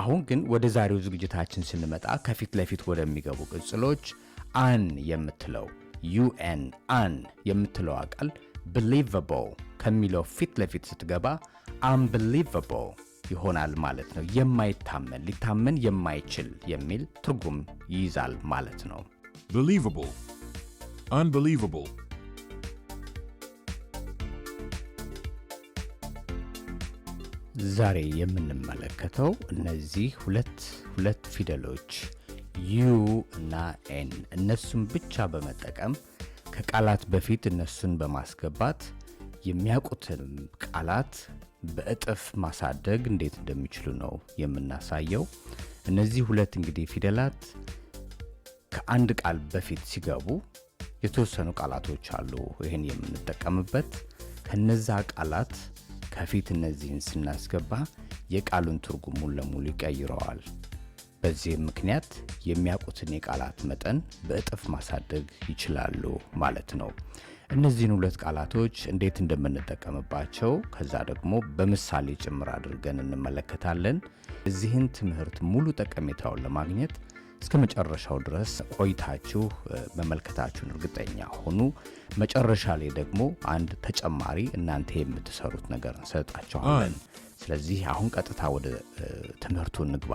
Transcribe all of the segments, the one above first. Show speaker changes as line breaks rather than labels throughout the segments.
አሁን ግን ወደ ዛሬው ዝግጅታችን ስንመጣ ከፊት ለፊት ወደሚገቡ ቅጽሎች አን የምትለው ዩኤን አን የምትለው ቃል ብሊቨብል ከሚለው ፊት ለፊት ስትገባ አንብሊቨብል ይሆናል ማለት ነው። የማይታመን ሊታመን የማይችል የሚል ትርጉም ይይዛል ማለት ነው።
ብሊቨብል አንብሊቨብል
ዛሬ የምንመለከተው እነዚህ ሁለት ሁለት ፊደሎች ዩ እና ኤን እነሱን ብቻ በመጠቀም ከቃላት በፊት እነሱን በማስገባት የሚያውቁትን ቃላት በእጥፍ ማሳደግ እንዴት እንደሚችሉ ነው የምናሳየው። እነዚህ ሁለት እንግዲህ ፊደላት ከአንድ ቃል በፊት ሲገቡ የተወሰኑ ቃላቶች አሉ። ይህን የምንጠቀምበት ከነዛ ቃላት ከፊት እነዚህን ስናስገባ የቃሉን ትርጉም ሙሉ ለሙሉ ይቀይረዋል። በዚህም ምክንያት የሚያውቁትን የቃላት መጠን በእጥፍ ማሳደግ ይችላሉ ማለት ነው። እነዚህን ሁለት ቃላቶች እንዴት እንደምንጠቀምባቸው ከዛ ደግሞ በምሳሌ ጭምር አድርገን እንመለከታለን። እዚህን ትምህርት ሙሉ ጠቀሜታውን ለማግኘት እስከ መጨረሻው ድረስ ቆይታችሁ መመልከታችሁን እርግጠኛ ሆኑ። መጨረሻ ላይ ደግሞ አንድ ተጨማሪ እናንተ የምትሰሩት ነገር እንሰጣችኋለን። ስለዚህ አሁን ቀጥታ ወደ ትምህርቱ እንግባ።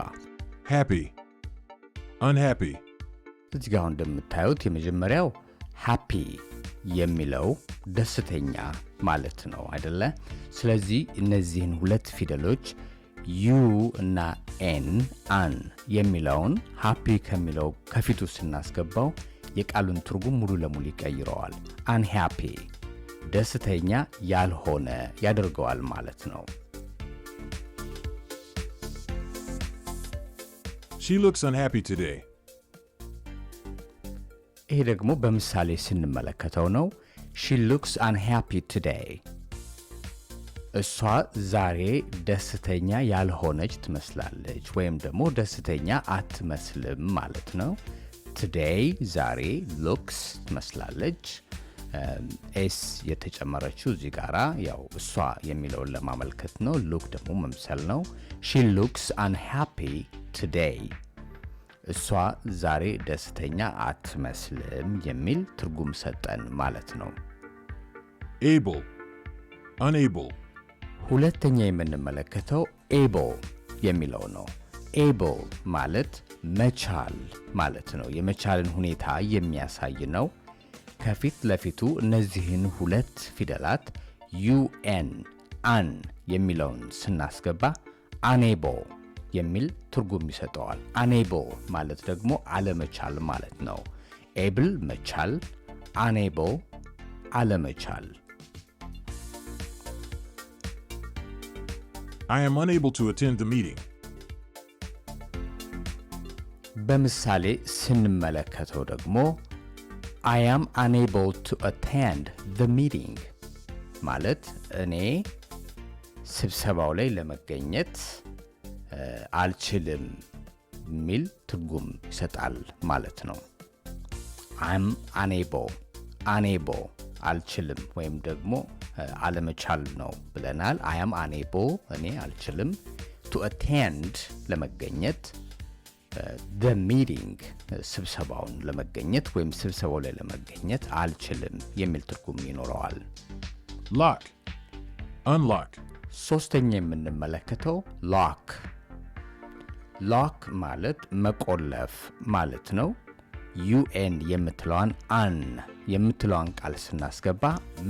ሃፒ አንሃፒ።
እዚህ ጋር እንደምታዩት የመጀመሪያው ሃፒ የሚለው ደስተኛ ማለት ነው አይደለ? ስለዚህ እነዚህን ሁለት ፊደሎች ዩ እና ኤን አን የሚለውን ሃፒ ከሚለው ከፊቱ ስናስገባው የቃሉን ትርጉም ሙሉ ለሙሉ ይቀይረዋል። አንሃፒ ደስተኛ ያልሆነ ያደርገዋል ማለት ነው።
She looks unhappy today.
ይሄ ደግሞ በምሳሌ ስንመለከተው ነው። She looks unhappy today. እሷ ዛሬ ደስተኛ ያልሆነች ትመስላለች ወይም ደግሞ ደስተኛ አትመስልም ማለት ነው። ቱዴይ ዛሬ ሉክስ ትመስላለች። ኤስ የተጨመረችው እዚህ ጋራ ያው እሷ የሚለውን ለማመልከት ነው። ሉክ ደግሞ መምሰል ነው። ሺ ሉክስ አንሃፒ ቱዴይ። እሷ ዛሬ ደስተኛ አትመስልም የሚል ትርጉም ሰጠን ማለት ነው።
ኤብል አንኤብል
ሁለተኛ የምንመለከተው ኤቦ የሚለው ነው። ኤቦ ማለት መቻል ማለት ነው። የመቻልን ሁኔታ የሚያሳይ ነው። ከፊት ለፊቱ እነዚህን ሁለት ፊደላት ዩኤን አን የሚለውን ስናስገባ አኔቦ የሚል ትርጉም ይሰጠዋል። አኔቦ ማለት ደግሞ አለመቻል ማለት ነው። ኤብል መቻል፣ አኔቦ አለመቻል
I am unable to attend the meeting.
በምሳሌ ስንመለከተው ደግሞ I am unable to attend the meeting ማለት እኔ ስብሰባው ላይ ለመገኘት አልችልም የሚል ትርጉም ይሰጣል ማለት ነው። I'm unable unable አልችልም ወይም ደግሞ አለመቻል ነው ብለናል። አያም አኔቦ እኔ አልችልም ቱ አቴንድ ለመገኘት ደ ሚቲንግ ስብሰባውን ለመገኘት ወይም ስብሰባው ላይ ለመገኘት አልችልም የሚል ትርጉም ይኖረዋል።
ላክ አንላክ።
ሶስተኛ የምንመለከተው ላክ ላክ ማለት መቆለፍ ማለት ነው። ዩኤን የምትለዋን አን የምትለዋን ቃል ስናስገባ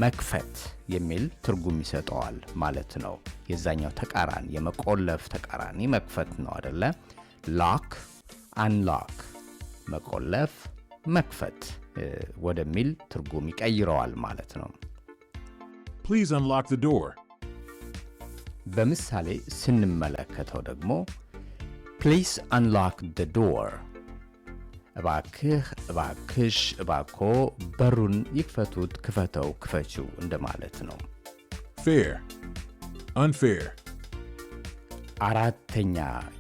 መክፈት የሚል ትርጉም ይሰጠዋል ማለት ነው። የዛኛው ተቃራኒ የመቆለፍ ተቃራኒ መክፈት ነው አደለ? ላክ አንላክ፣ መቆለፍ መክፈት ወደሚል ትርጉም ይቀይረዋል ማለት ነው።
ፕሊዝ አንላክ ዘ ዶር።
በምሳሌ ስንመለከተው ደግሞ ፕሊዝ አንላክ ዘ ዶር እባክህ፣ እባክሽ፣ እባኮ በሩን ይክፈቱት፣ ክፈተው፣ ክፈችው እንደማለት ነው።
ፌር አንፌር።
አራተኛ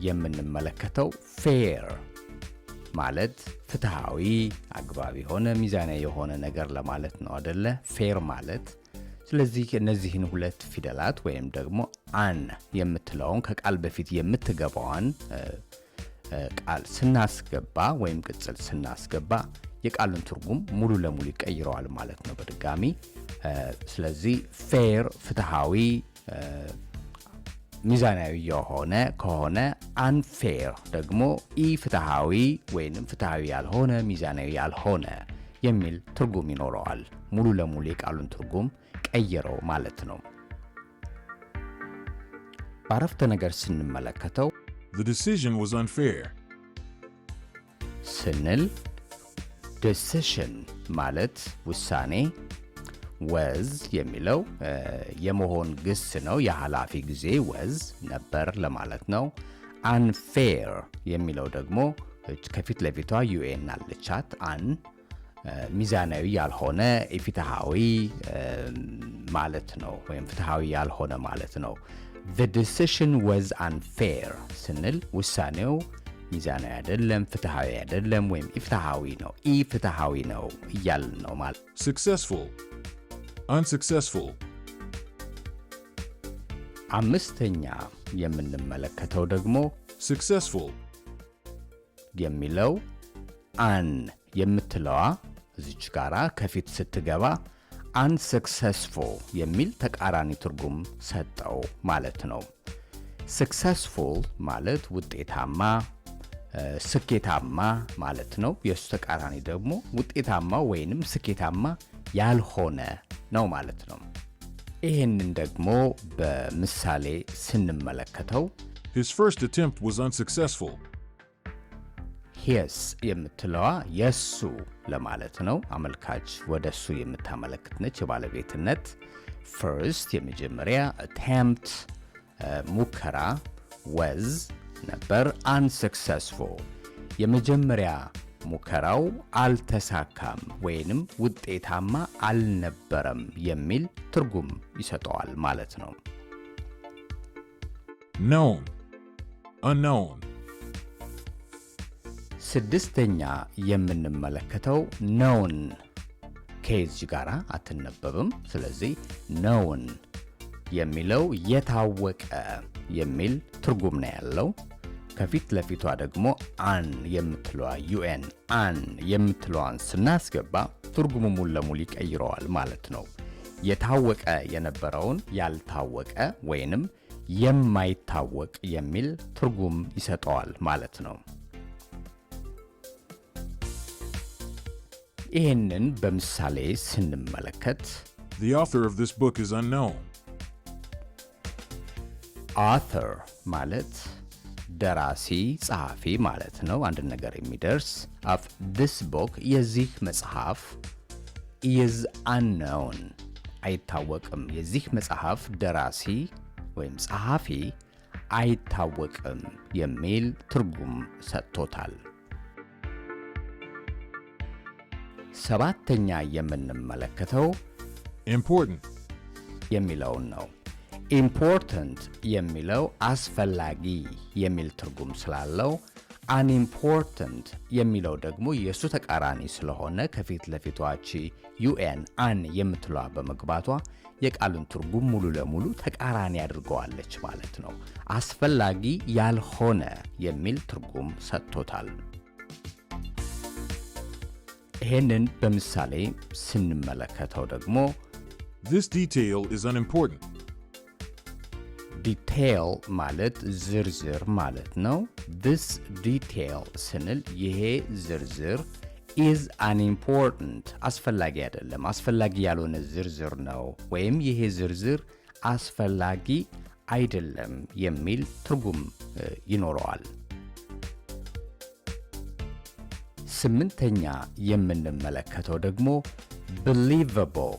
የምንመለከተው ፌር ማለት ፍትሐዊ፣ አግባብ የሆነ ሚዛናዊ የሆነ ነገር ለማለት ነው አደለ? ፌር ማለት ስለዚህ እነዚህን ሁለት ፊደላት ወይም ደግሞ አን የምትለውን ከቃል በፊት የምትገባዋን ቃል ስናስገባ ወይም ቅጽል ስናስገባ የቃሉን ትርጉም ሙሉ ለሙሉ ይቀይረዋል ማለት ነው በድጋሚ ስለዚህ ፌር ፍትሃዊ ሚዛናዊ የሆነ ከሆነ አንፌር ደግሞ ኢ ፍትሃዊ ወይም ፍትሃዊ ያልሆነ ሚዛናዊ ያልሆነ የሚል ትርጉም ይኖረዋል። ሙሉ ለሙሉ የቃሉን ትርጉም ቀይረው ማለት ነው። በአረፍተ ነገር ስንመለከተው
The decision was unfair
ስንል ዲሲሽን ማለት ውሳኔ ወዝ የሚለው የመሆን ግስ ነው። የኃላፊ ጊዜ ወዝ ነበር ለማለት ነው። አንፌር የሚለው ደግሞ ከፊት ለፊቷ ዩኤን አለቻት። አን ሚዛናዊ ያልሆነ ኢፍትሐዊ ማለት ነው፣ ወይም ፍትሐዊ ያልሆነ ማለት ነው። the decision was unfair ስንል ውሳኔው ሚዛናዊ አይደለም፣ ፍትሃዊ አይደለም ወይም ኢፍትሃዊ ነው ኢፍትሃዊ ነው እያልን ነው ማለት።
successful unsuccessful
አምስተኛ የምንመለከተው ደግሞ
successful
የሚለው አን የምትለዋ እዚች ጋራ ከፊት ስትገባ አንስክሰስፉል የሚል ተቃራኒ ትርጉም ሰጠው ማለት ነው። ስክሰስፉል ማለት ውጤታማ፣ ስኬታማ ማለት ነው። የእሱ ተቃራኒ ደግሞ ውጤታማ ወይንም ስኬታማ ያልሆነ ነው ማለት ነው። ይህንን ደግሞ በምሳሌ ስንመለከተው
His first attempt was unsuccessful.
ሄስ የምትለዋ የሱ ለማለት ነው። አመልካች ወደ እሱ የምታመለክት ነች። የባለቤትነት ፈርስት የመጀመሪያ አቴምፕት ሙከራ ወዝ ነበር። አንሰክሰስፉል የመጀመሪያ ሙከራው አልተሳካም ወይንም ውጤታማ አልነበረም የሚል ትርጉም ይሰጠዋል ማለት ነው።
ኖውን አኖውን
ስድስተኛ የምንመለከተው ነውን ከዚህ ጋር አትነበብም። ስለዚህ ነውን የሚለው የታወቀ የሚል ትርጉም ነው ያለው። ከፊት ለፊቷ ደግሞ አን የምትለዋ ዩኤን አን የምትለዋን ስናስገባ ትርጉሙ ሙሉ ለሙሉ ይቀይረዋል ማለት ነው። የታወቀ የነበረውን ያልታወቀ ወይንም የማይታወቅ የሚል ትርጉም ይሰጠዋል ማለት ነው። ይህንን በምሳሌ ስንመለከት
The author of this book is unknown.
ማለት ደራሲ ጸሐፊ ማለት ነው። አንድ ነገር የሚደርስ አፍ this ቦክ የዚህ መጽሐፍ ኢዝ አንነውን አይታወቅም። የዚህ መጽሐፍ ደራሲ ወይም ጸሐፊ አይታወቅም የሚል ትርጉም ሰጥቶታል። ሰባተኛ የምንመለከተው ኢምፖርታንት የሚለውን ነው። ኢምፖርታንት የሚለው አስፈላጊ የሚል ትርጉም ስላለው አንኢምፖርታንት የሚለው ደግሞ የእሱ ተቃራኒ ስለሆነ ከፊት ለፊቷች ዩኤን አን የምትለ በመግባቷ የቃሉን ትርጉም ሙሉ ለሙሉ ተቃራኒ አድርገዋለች ማለት ነው። አስፈላጊ ያልሆነ የሚል ትርጉም ሰጥቶታል። ይህንን በምሳሌ ስንመለከተው ደግሞ
This detail is unimportant.
ዲቴይል ማለት ዝርዝር ማለት ነው። this detail ስንል ይሄ ዝርዝር is unimportant አስፈላጊ አይደለም፣ አስፈላጊ ያልሆነ ዝርዝር ነው ወይም ይሄ ዝርዝር አስፈላጊ አይደለም የሚል ትርጉም ይኖረዋል። ስምንተኛ የምንመለከተው ደግሞ believable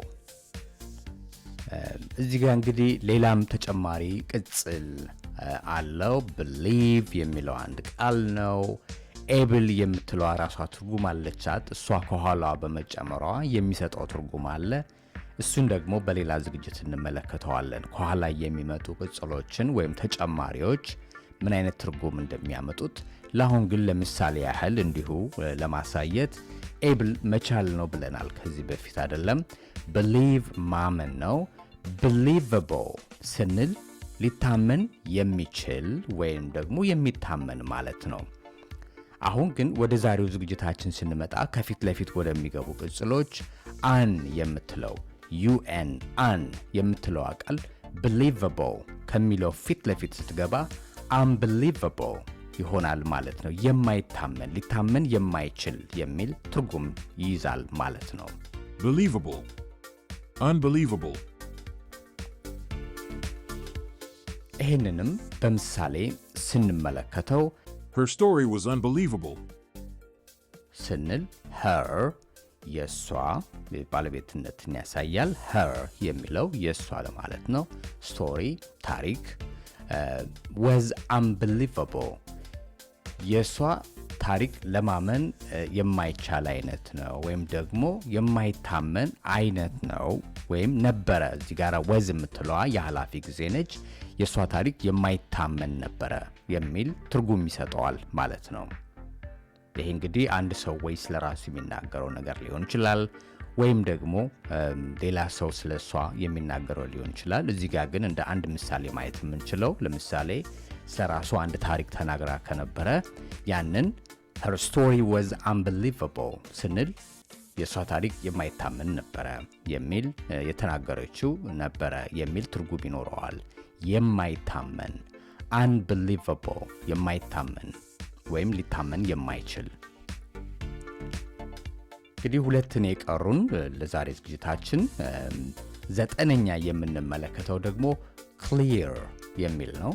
እዚህ ጋር እንግዲህ ሌላም ተጨማሪ ቅጽል አለው። ብሊቭ የሚለው አንድ ቃል ነው። ኤብል የምትለዋ ራሷ ትርጉም አለቻት። እሷ ከኋላ በመጨመሯ የሚሰጠው ትርጉም አለ። እሱን ደግሞ በሌላ ዝግጅት እንመለከተዋለን። ከኋላ የሚመጡ ቅጽሎችን ወይም ተጨማሪዎች ምን አይነት ትርጉም እንደሚያመጡት ለአሁን ግን ለምሳሌ ያህል እንዲሁ ለማሳየት ኤብል መቻል ነው ብለናል ከዚህ በፊት አይደለም። ብሊቭ ማመን ነው። ብሊቨብል ስንል ሊታመን የሚችል ወይም ደግሞ የሚታመን ማለት ነው። አሁን ግን ወደ ዛሬው ዝግጅታችን ስንመጣ ከፊት ለፊት ወደሚገቡ ቅጽሎች አን የምትለው ዩኤን አን የምትለው ቃል ብሊቨብል ከሚለው ፊት ለፊት ስትገባ አንብሊቨብል ይሆናል ማለት ነው። የማይታመን ሊታመን የማይችል የሚል ትርጉም ይይዛል ማለት ነው።
believable unbelievable
ይህንንም በምሳሌ ስንመለከተው
her story was unbelievable
ስንል her የእሷ ባለቤትነትን ያሳያል። her የሚለው የእሷ ለማለት ነው። ስቶሪ ታሪክ uh, was unbelievable የእሷ ታሪክ ለማመን የማይቻል አይነት ነው፣ ወይም ደግሞ የማይታመን አይነት ነው ወይም ነበረ። እዚህ ጋር ወዝ የምትለዋ የኃላፊ ጊዜ ነች። የእሷ ታሪክ የማይታመን ነበረ የሚል ትርጉም ይሰጠዋል ማለት ነው። ይሄ እንግዲህ አንድ ሰው ወይ ስለ ራሱ የሚናገረው ነገር ሊሆን ይችላል ወይም ደግሞ ሌላ ሰው ስለ እሷ የሚናገረው ሊሆን ይችላል። እዚህ ጋር ግን እንደ አንድ ምሳሌ ማየት የምንችለው ለምሳሌ ስለ ራሷ አንድ ታሪክ ተናግራ ከነበረ ያንን ሄር ስቶሪ ወዝ አንቢሊቨብል ስንል የእሷ ታሪክ የማይታመን ነበረ የሚል የተናገረችው ነበረ የሚል ትርጉም ይኖረዋል። የማይታመን አንቢሊቨብል፣ የማይታመን ወይም ሊታመን የማይችል እንግዲህ ሁለት ነው የቀሩን ለዛሬ ዝግጅታችን። ዘጠነኛ የምንመለከተው ደግሞ ክሊር የሚል ነው።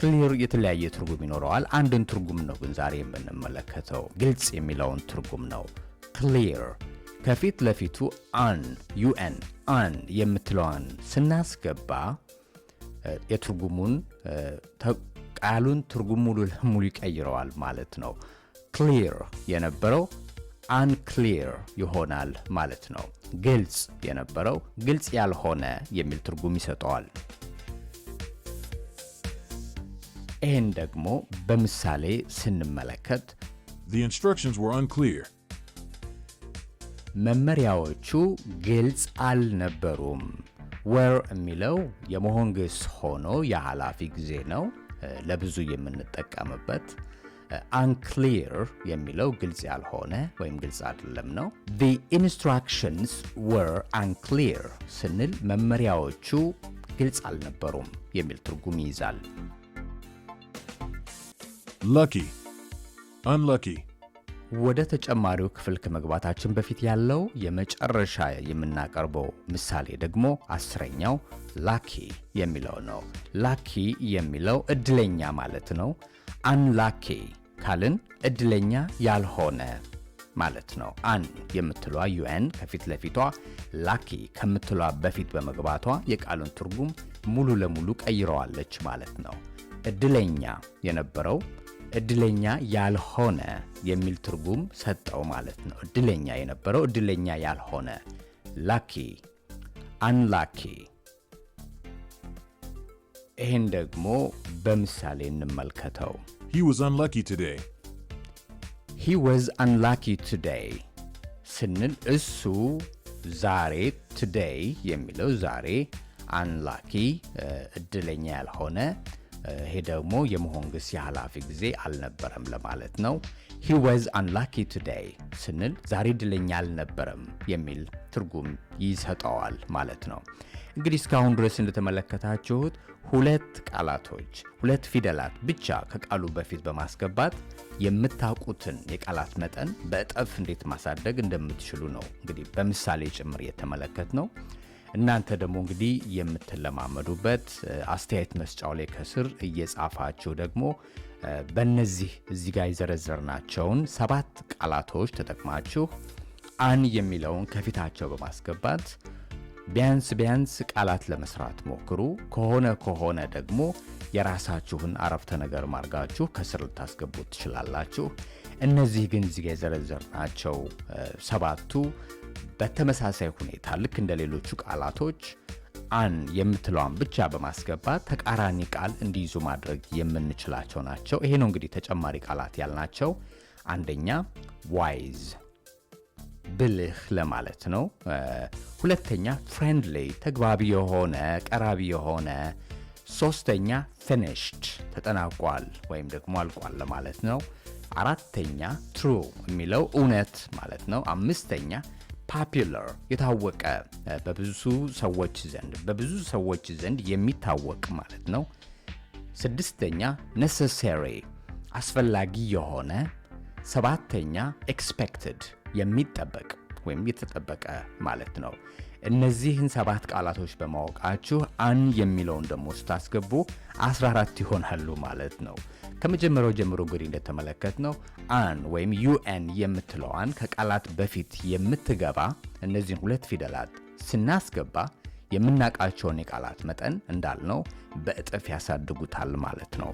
ክሊር የተለያየ ትርጉም ይኖረዋል። አንድን ትርጉም ነው ግን ዛሬ የምንመለከተው ግልጽ የሚለውን ትርጉም ነው። ክሊር ከፊት ለፊቱ አን ዩኤን አን የምትለዋን ስናስገባ የትርጉሙን ቃሉን ትርጉም ሙሉ ለሙሉ ይቀይረዋል ማለት ነው። ክሊር የነበረው አንክሊር ይሆናል ማለት ነው። ግልጽ የነበረው ግልጽ ያልሆነ የሚል ትርጉም ይሰጠዋል። ይህን ደግሞ በምሳሌ ስንመለከት
The instructions were unclear.
መመሪያዎቹ ግልጽ አልነበሩም። ወር የሚለው የመሆን ግስ ሆኖ የኃላፊ ጊዜ ነው፣ ለብዙ የምንጠቀምበት unclear የሚለው ግልጽ ያልሆነ ወይም ግልጽ አይደለም ነው። the instructions were unclear ስንል መመሪያዎቹ ግልጽ አልነበሩም የሚል ትርጉም ይይዛል።
lucky unlucky
ወደ ተጨማሪው ክፍል ከመግባታችን በፊት ያለው የመጨረሻ የምናቀርበው ምሳሌ ደግሞ አስረኛው ላኪ የሚለው ነው። ላኪ የሚለው እድለኛ ማለት ነው። አንላኪ ካልን እድለኛ ያልሆነ ማለት ነው። አን የምትሏ ዩኤን ከፊት ለፊቷ ላኪ ከምትሏ በፊት በመግባቷ የቃሉን ትርጉም ሙሉ ለሙሉ ቀይረዋለች ማለት ነው። እድለኛ የነበረው እድለኛ ያልሆነ የሚል ትርጉም ሰጠው ማለት ነው። እድለኛ የነበረው እድለኛ ያልሆነ ላኪ አንላኪ ይህን ደግሞ በምሳሌ እንመልከተው።
He was unlucky today.
He was ስንል እሱ ዛሬ ቱዴይ የሚለው ዛሬ አንላኪ እድለኛ ያልሆነ ይሄ ደግሞ የመሆን ግስ የኃላፊ ጊዜ አልነበረም ለማለት ነው። ሂ ወዝ አንላኪ ቱዴይ ስንል ዛሬ እድለኛ አልነበረም የሚል ትርጉም ይሰጠዋል ማለት ነው። እንግዲህ እስካሁን ድረስ እንደተመለከታችሁት ሁለት ቃላቶች ሁለት ፊደላት ብቻ ከቃሉ በፊት በማስገባት የምታውቁትን የቃላት መጠን በእጥፍ እንዴት ማሳደግ እንደምትችሉ ነው እንግዲህ በምሳሌ ጭምር የተመለከት ነው። እናንተ ደግሞ እንግዲህ የምትለማመዱበት አስተያየት መስጫው ላይ ከስር እየጻፋችሁ ደግሞ በእነዚህ እዚህ ጋር የዘረዘርናቸውን ሰባት ቃላቶች ተጠቅማችሁ አን የሚለውን ከፊታቸው በማስገባት ቢያንስ ቢያንስ ቃላት ለመስራት ሞክሩ። ከሆነ ከሆነ ደግሞ የራሳችሁን አረፍተ ነገር ማርጋችሁ ከስር ልታስገቡት ትችላላችሁ። እነዚህ ግን እዚህ የዘረዘርናቸው ሰባቱ በተመሳሳይ ሁኔታ ልክ እንደ ሌሎቹ ቃላቶች አን የምትለዋን ብቻ በማስገባት ተቃራኒ ቃል እንዲይዙ ማድረግ የምንችላቸው ናቸው። ይሄ ነው እንግዲህ ተጨማሪ ቃላት ያልናቸው። አንደኛ ዋይዝ ብልህ ለማለት ነው። ሁለተኛ ፍሬንድሊ ተግባቢ የሆነ ቀራቢ የሆነ ሶስተኛ ፊኒሽድ ተጠናቋል ወይም ደግሞ አልቋል ለማለት ነው። አራተኛ ትሩ የሚለው እውነት ማለት ነው። አምስተኛ ፖፑላር የታወቀ በብዙ ሰዎች ዘንድ በብዙ ሰዎች ዘንድ የሚታወቅ ማለት ነው። ስድስተኛ ነሰሰሪ አስፈላጊ የሆነ ሰባተኛ ኤክስፔክትድ የሚጠበቅ ወይም የተጠበቀ ማለት ነው። እነዚህን ሰባት ቃላቶች በማወቃችሁ አን የሚለውን ደግሞ ስታስገቡ 14 ይሆናሉ ማለት ነው። ከመጀመሪያው ጀምሮ ግሪ እንደተመለከት ነው አን ወይም ዩኤን የምትለዋን ከቃላት በፊት የምትገባ እነዚህን ሁለት ፊደላት ስናስገባ የምናቃቸውን የቃላት መጠን እንዳልነው በእጥፍ ያሳድጉታል ማለት ነው።